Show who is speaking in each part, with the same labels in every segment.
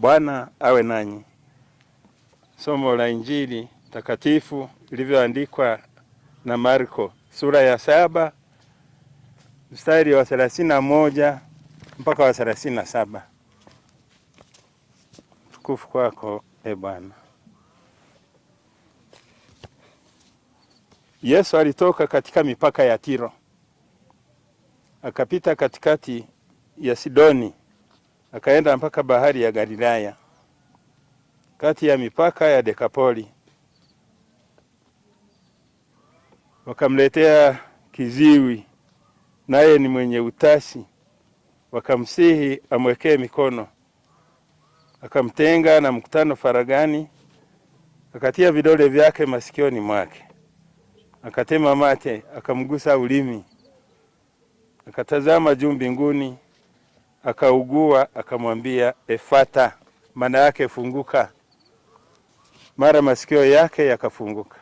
Speaker 1: Bwana awe nanyi. Somo la Injili takatifu lilivyoandikwa na Marko sura ya saba mstari wa thelathini na moja mpaka wa thelathini na saba. Tukufu kwako e Bwana. Yesu alitoka katika mipaka ya Tiro akapita katikati ya Sidoni akaenda mpaka bahari ya Galilaya kati ya mipaka ya Dekapoli. Wakamletea kiziwi, naye ni mwenye utashi, wakamsihi amwekee mikono. Akamtenga na mkutano faragani, akatia vidole vyake masikioni mwake, akatema mate, akamgusa ulimi, akatazama juu mbinguni akaugua, akamwambia efata, maana yake funguka. Mara masikio yake yakafunguka,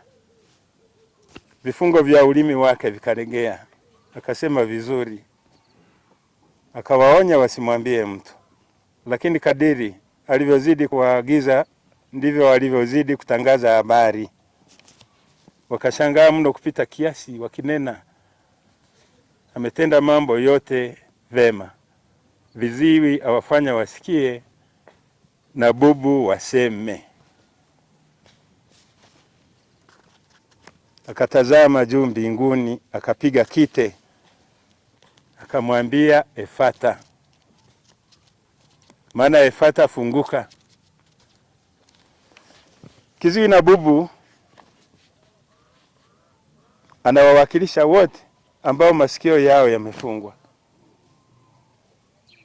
Speaker 1: vifungo vya ulimi wake vikalegea, akasema vizuri. Akawaonya wasimwambie mtu, lakini kadiri alivyozidi kuwaagiza ndivyo walivyozidi kutangaza habari. Wakashangaa mno kupita kiasi, wakinena ametenda mambo yote vema viziwi awafanya wasikie na bubu waseme. Akatazama juu mbinguni, akapiga kite, akamwambia Efata, maana Efata, funguka. Kiziwi na bubu anawawakilisha wote ambao masikio yao yamefungwa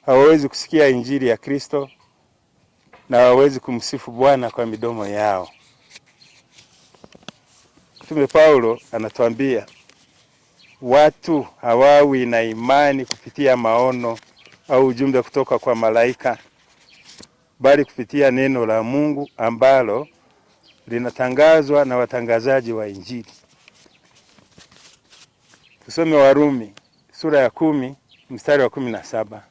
Speaker 1: hawawezi kusikia injili ya Kristo na hawawezi kumsifu Bwana kwa midomo yao. Mtume Paulo anatuambia watu hawawi na imani kupitia maono au ujumbe kutoka kwa malaika, bali kupitia neno la Mungu ambalo linatangazwa na watangazaji wa injili. Tusome Warumi sura ya kumi mstari wa kumi na saba.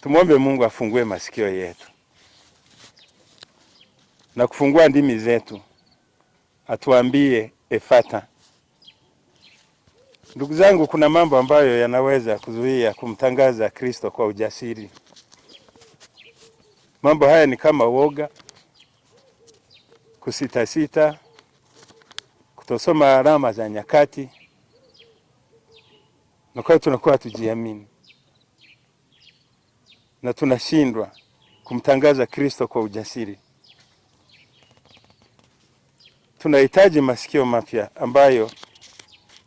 Speaker 1: Tumwombe Mungu afungue masikio yetu na kufungua ndimi zetu, atuambie efata. Ndugu zangu, kuna mambo ambayo yanaweza kuzuia kumtangaza Kristo kwa ujasiri. Mambo haya ni kama woga, kusitasita, kutosoma alama za nyakati, na kwa hiyo tunakuwa tujiamini na tunashindwa kumtangaza Kristo kwa ujasiri. Tunahitaji masikio mapya ambayo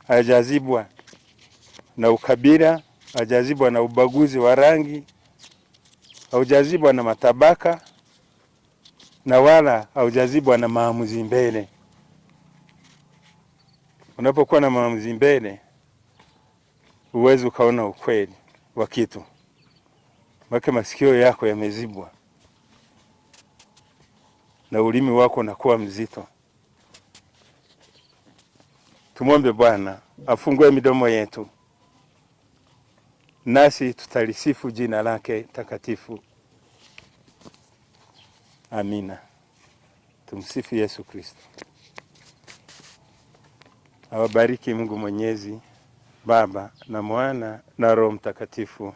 Speaker 1: hayajazibwa na ukabila, hayajazibwa na ubaguzi wa rangi, haujazibwa na matabaka na wala haujazibwa na maamuzi mbele. Unapokuwa na maamuzi mbele, huwezi ukaona ukweli wa kitu maka masikio yako yamezibwa na ulimi wako unakuwa mzito. Tumwombe Bwana afungue midomo yetu, nasi tutalisifu jina lake takatifu. Amina. Tumsifu Yesu Kristo. Awabariki Mungu Mwenyezi, Baba na Mwana na Roho Mtakatifu.